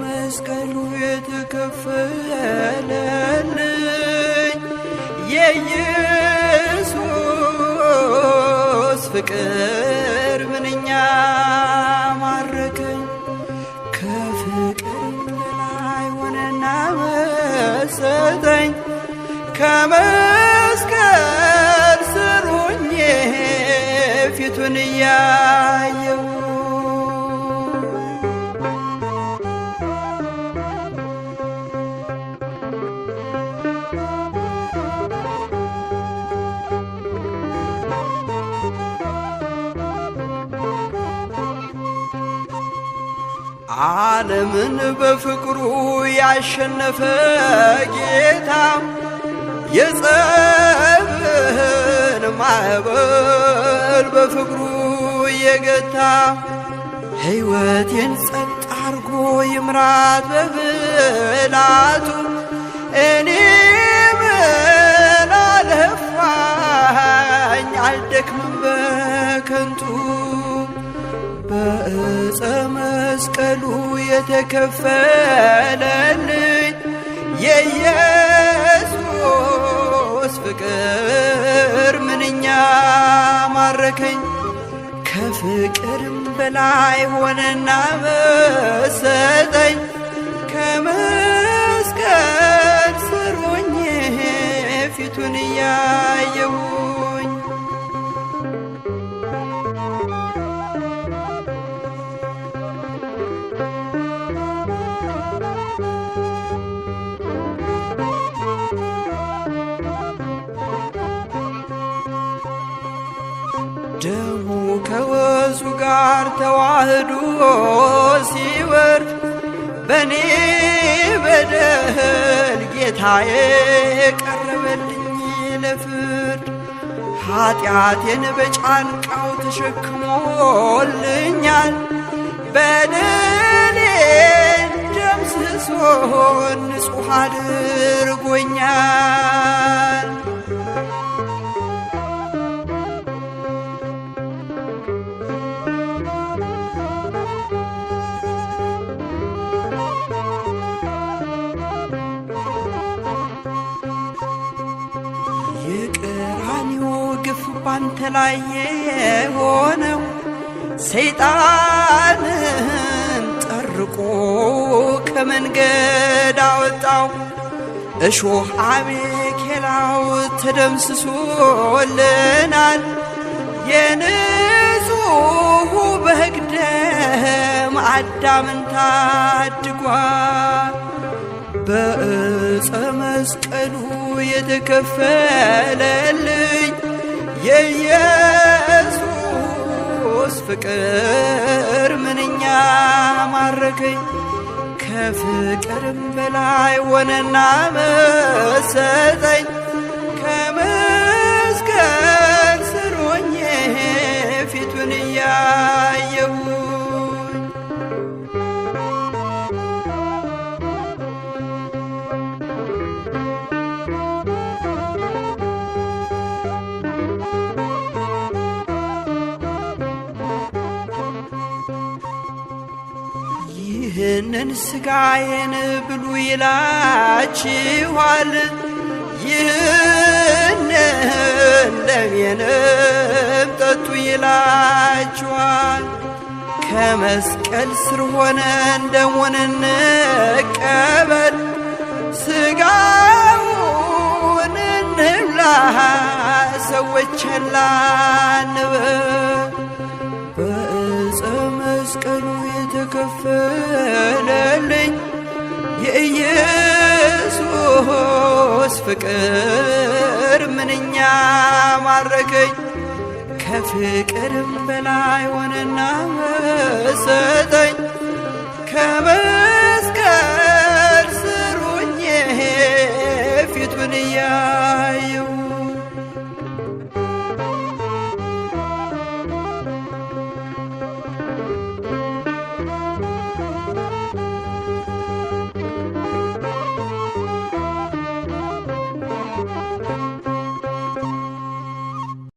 መስቀሉ የተከፈለልኝ የኢየሱስ ፍቅር ያየው ዓለምን በፍቅሩ ያሸነፈ ጌታ የጸብህን ማዕበል በፍቅሩ የገታ ሕይወቴን ጸጥ አርጎ ይምራት በብላቱ እኔ ላለፋኝ አልደክምም በከንቱ በእፀ መስቀሉ የተከፈለልኝ የኢየሱስ ፍቅር ምንኛ ማረከኝ። ከፍቅርም በላይ ሆነና መሰጠ ደሙ ከወዙ ጋር ተዋህዶ ሲወርድ በኔ በደል ጌታዬ ቀረበልኝ ለፍርድ ኃጢአቴን በጫንቃው ተሸክሞልኛል በደሌን ደምስሶን ንጹሕ አድርጎኛል። ባንተ ላይ የሆነው ሰይጣንን ጠርቆ ከመንገድ አወጣው። እሾህ አሜኬላው ተደምስሶልናል። የንጹሑ በግ ደም አዳምን ታድጓል። በእፀ መስቀሉ የተከፈለ ፍቅር ምንኛ ማረከኝ ከፍቅርም በላይ ሆነና መሰጠኝ ከመስቀል ስር ፊቱን እያ ይህንን ሥጋዬን ብሉ ይላችኋል። ይህንን ደሜንም ጠጡ ይላችኋል። ከመስቀል ስር ሆነን ደሙን እንቀበል፣ ሥጋውን እንብላ፣ ሰዎች ቸላ እንበል። መስቀሉ የተከፈል ፍቅር ምንኛ ማረከኝ ከፍቅርም በላይ ሆነና ሰጠኝ ከመስቀል ስሩኝ ፊቱን እያ